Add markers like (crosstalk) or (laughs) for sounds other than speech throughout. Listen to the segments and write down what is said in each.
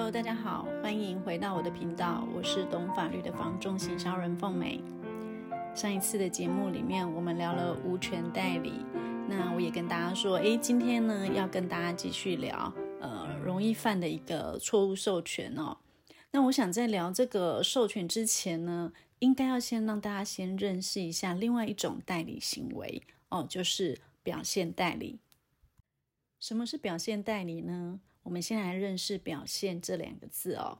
Hello，大家好，歡迎回到我的頻道，我是懂法律的房仲行銷人鳳梅。上一次的節目裡面，我們聊了無權代理，那我也跟大家說，誒，今天呢要跟大家繼續聊，呃，容易犯的一個錯誤授權哦。那我想在聊這個授權之前呢，應該要先讓大家先認識一下另外一種代理行為哦，就是表見代理。什麼是表見代理呢？我們先來認識“表見”這兩個字哦。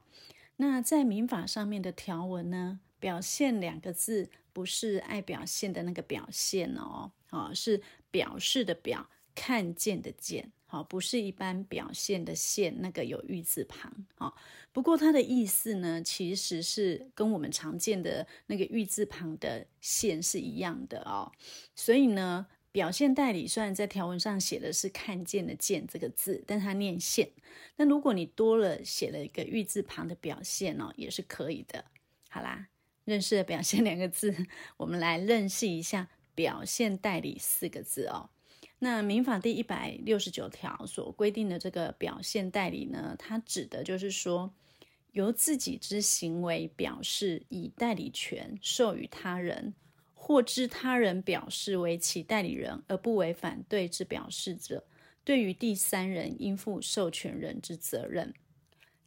那在民法上面的條文呢，“表見”兩個字不是愛表現的那個“表現”哦，啊，是表示的“表”，看見的“見”，好，哦，不是一般表現的“現”那個有玉字旁哦，不過它的意思呢，其實是跟我們常見的那個玉字旁的“現”是一樣的哦。所以呢。表現代理雖然在條文上寫的是“看見”的“見”這個字，但它念“現”。那如果你多了寫了一個玉字旁的“表現”哦，也是可以的。好啦，認識了“表見”兩個字，我們來認識一下“表見代理”四個字哦。那《民法》第一百六十九條所規定的這個表見代理呢，它指的就是說，由自己之行為表示，以代理權授予他人。或知他人表示為其代理人而不為反對之表示者，對於第三人應負授權人之責任。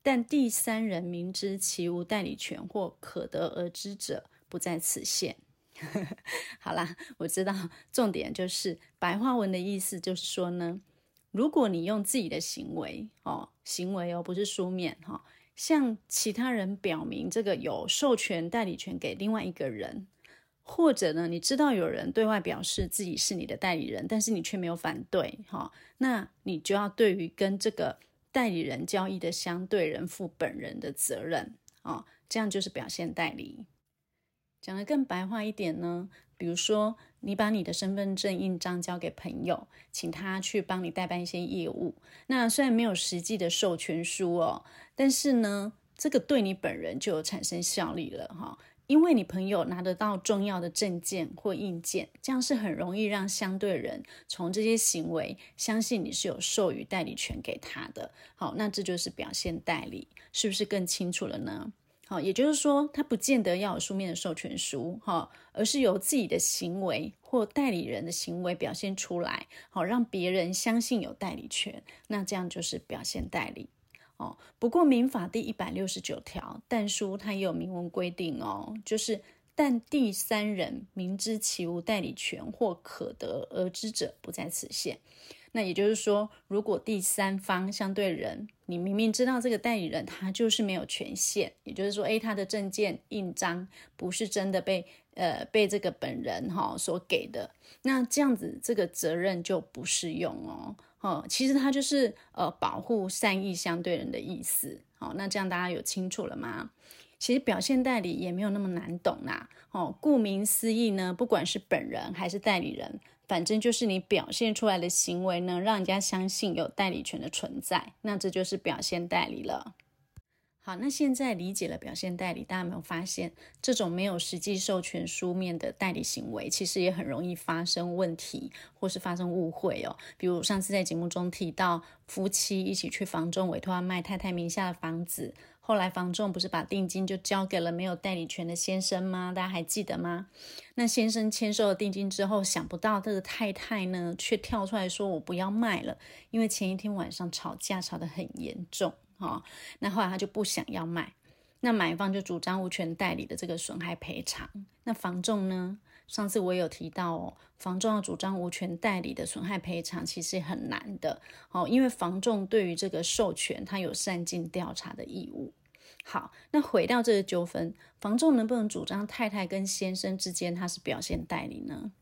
但第三人明知其無代理權或可得而知者，不在此限。 (laughs) 好啦，我知道重點就是白話文的意思就是說呢，如果你用自己的行為哦，行為哦，不是書面哈，向其他人表明這個有授權代理權給另外一個人。或者呢，你知道有人對外表示自己是你的代理人，但是你卻沒有反對，哈、哦，那你就要對於跟這個代理人交易的相對人負本人的責任，哦，這樣就是表見代理。講得更白話一點呢，比如說你把你的身份證印章交給朋友，請他去幫你代辦一些業務，那雖然沒有實際的授權書哦，但是呢，這個對你本人就有產生效力了，哈、哦。因為你朋友拿得到重要的證件或印鑑，這樣是很容易讓相對人從這些行為相信你是有授予代理權給他的。好，那這就是表見代理，是不是更清楚了呢？好，也就是說，他不見得要有書面的授權書，哈，而是由自己的行為或代理人的行為表現出來，好，讓別人相信有代理權，那這樣就是表見代理。不過民法第一百六十九條，但書它也有明文規定哦，就是但第三人明知其無代理權或可得而知者，不在此限。那也就是說，如果第三方相對人，你明明知道這個代理人他就是沒有權限，也就是說，誒他的證件印章不是真的被呃被這個本人哈所給的，那這樣子這個責任就不適用哦。哦，其實它就是呃保護善意相對人的意思。好、哦，那這樣大家有清楚了嗎？其實表見代理也沒有那麼難懂啦。哦，顧名思義呢，不管是本人還是代理人，反正就是你表現出來的行為呢，讓人家相信有代理權的存在，那這就是表見代理了。好，那現在理解了表現代理，大家有沒有發現，這種沒有實際授權書面的代理行為，其實也很容易發生問題，或是發生誤會哦。比如上次在節目中提到，夫妻一起去房仲委託他賣太太名下的房子，後來房仲不是把定金就交給了沒有代理權的先生嗎？大家還記得嗎？那先生簽收了定金之後，想不到這個太太呢，卻跳出來說我不要賣了，因為前一天晚上吵架吵得很嚴重。哦，那後來他就不想要賣，那買方就主張無權代理的這個損害賠償。那房仲呢？上次我有提到，哦，房仲要主張無權代理的損害賠償其實很難的。哦，因為房仲對於這個授權，他有善盡調查的義務。好，那回到這個糾紛，房仲能不能主張太太跟先生之間他是表見代理呢？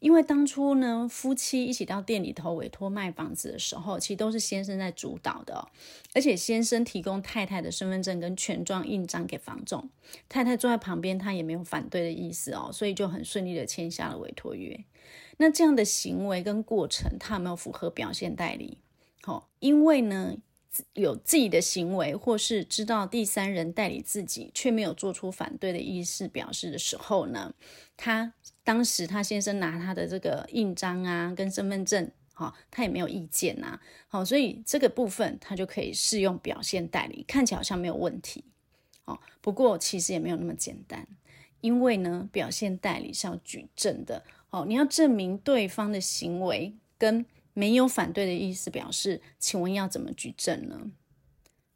因為當初呢，夫妻一起到店裡頭委托賣房子的時候，其實都是先生在主導的、哦，而且先生提供太太的身份證跟權狀印章給房仲，太太坐在旁邊，他也沒有反對的意思哦，所以就很順利的簽下了委托約。那這樣的行為跟過程，他有沒有符合表見代理？好、哦，因為呢。有自己的行為，或是知道第三人代理自己卻沒有做出反對的意思表示的時候呢，他當時他先生拿他的這個印章啊，跟身份證，哈、哦，他也沒有意見吶、啊，好、哦，所以這個部分他就可以適用表見代理，看起來好像沒有問題，哦。不過其實也沒有那麼簡單，因為呢，表見代理是要舉證的，哦，你要證明對方的行為跟。沒有反對的意思表示，請問要怎麼舉證呢？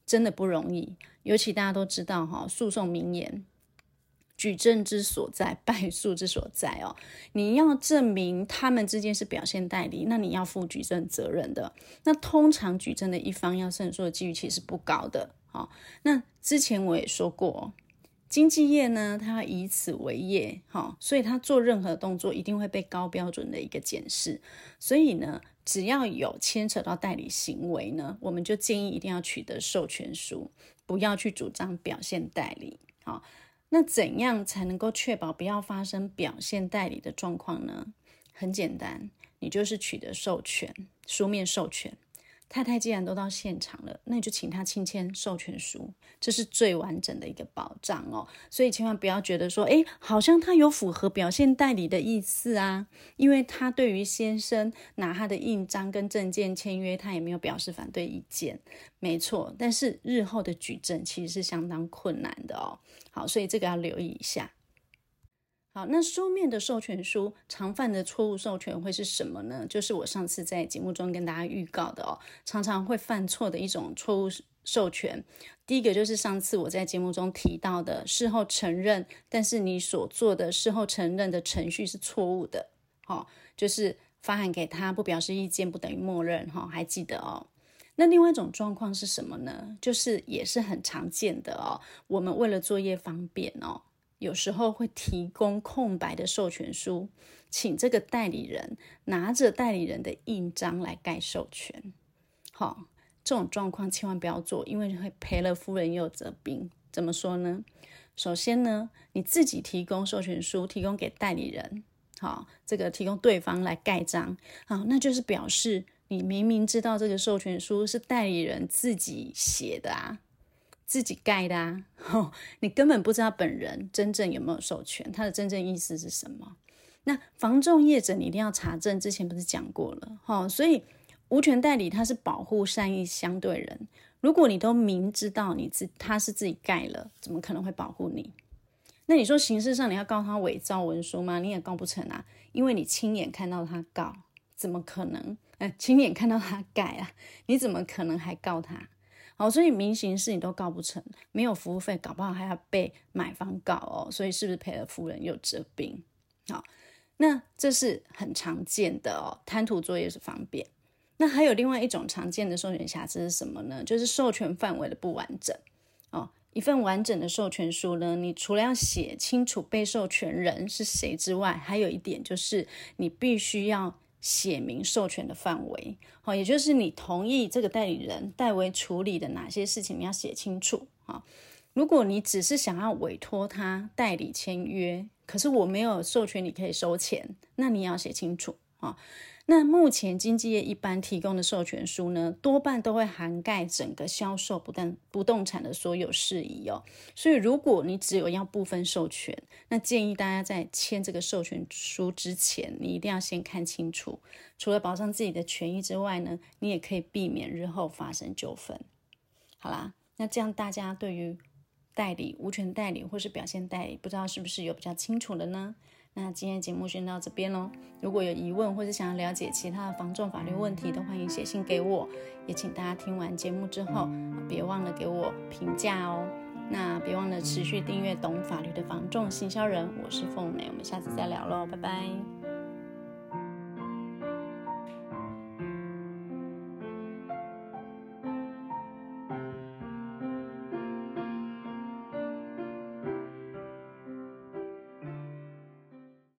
真的不容易，尤其大家都知道哈、哦，訴訟名言“舉證之所在，敗訴之所在”哦。你要證明他們之間是表見代理，那你要負舉證責任的。那通常舉證的一方要勝訴的機率其實不高的。好、哦，那之前我也說過，經紀業呢，他以此為業，哈、哦，所以他做任何動作一定會被高標準的一個檢視，所以呢。只要有牽扯到代理行為呢，我們就建議一定要取得授權書，不要去主張表見代理。好，那怎樣才能夠確保不要發生表見代理的狀況呢？很簡單，你就是取得授權，書面授權。太太既然都到現場了，那你就請他親簽授權書，這是最完整的一個保障哦。所以千萬不要覺得說，哎、欸，好像他有符合表見代理的意思啊，因為他對於先生拿他的印章跟證件簽約，他也沒有表示反對意見，沒錯。但是日後的舉證其實是相當困難的哦。好，所以這個要留意一下。好，那書面的授權書常犯的錯誤授權會是什麼呢？就是我上次在節目中跟大家預告的哦，常常會犯錯的一種錯誤授權。第一個就是上次我在節目中提到的事後承認，但是你所做的事後承認的程序是錯誤的。哦，就是發函給他不表示意見不等於默認哈，哦，還記得哦。那另外一種狀況是什麼呢？就是也是很常見的哦，我們為了作業方便哦。有時候會提供空白的授權書，請這個代理人拿着代理人的印章來蓋授權。好、哦，這種狀況千萬不要做，因為會賠了夫人又折兵。怎麼說呢？首先呢，你自己提供授權書，提供給代理人。好、哦，這個提供對方來蓋章。好、哦，那就是表示你明明知道這個授權書是代理人自己寫的啊。自己蓋的啊，你根本不知道本人真正有沒有授權，他的真正意思是什麼？那房仲業者你一定要查證，之前不是講過了哈？所以無權代理他是保護善意相對人，如果你都明知道你自他是自己蓋了，怎麼可能會保護你？那你說形式上你要告他偽造文書嗎？你也告不成啊，因為你親眼看到他告，怎麼可能？呃、欸，親眼看到他蓋啊，你怎麼可能還告他？好，所以民刑事你都告不成，沒有服務費，搞不好還要被買方告哦。所以是不是賠了夫人又折兵？好，那這是很常見的哦，貪圖作業是方便。那還有另外一種常見的授權瑕疵是什麼呢？就是授權範圍的不完整哦。一份完整的授權書呢，你除了要寫清楚被授權人是誰之外，還有一點就是你必須要。寫明授權的範圍，好，也就是你同意這個代理人代為處理的哪些事情，你要寫清楚啊。如果你只是想要委託他代理簽約，可是我沒有授權你可以收錢，那你也要寫清楚啊。那目前經紀業一般提供的授權書呢，多半都會涵蓋整個銷售不但不動產的所有事宜哦。所以如果你只有要部分授權，那建議大家在簽這個授權書之前，你一定要先看清楚。除了保障自己的權益之外呢，你也可以避免日後發生糾紛。好啦，那這樣大家對於代理，無權代理或是表見代理，不知道是不是有比較清楚的呢？那今天的節目先到這邊嘍。如果有疑問或者想要了解其他的房仲法律問題，都歡迎寫信給我。也請大家聽完節目之後，別忘了給我評價哦。那別忘了持續訂閱懂法律的房仲行銷人，我是鳳梅，我們下次再聊嘍，拜拜。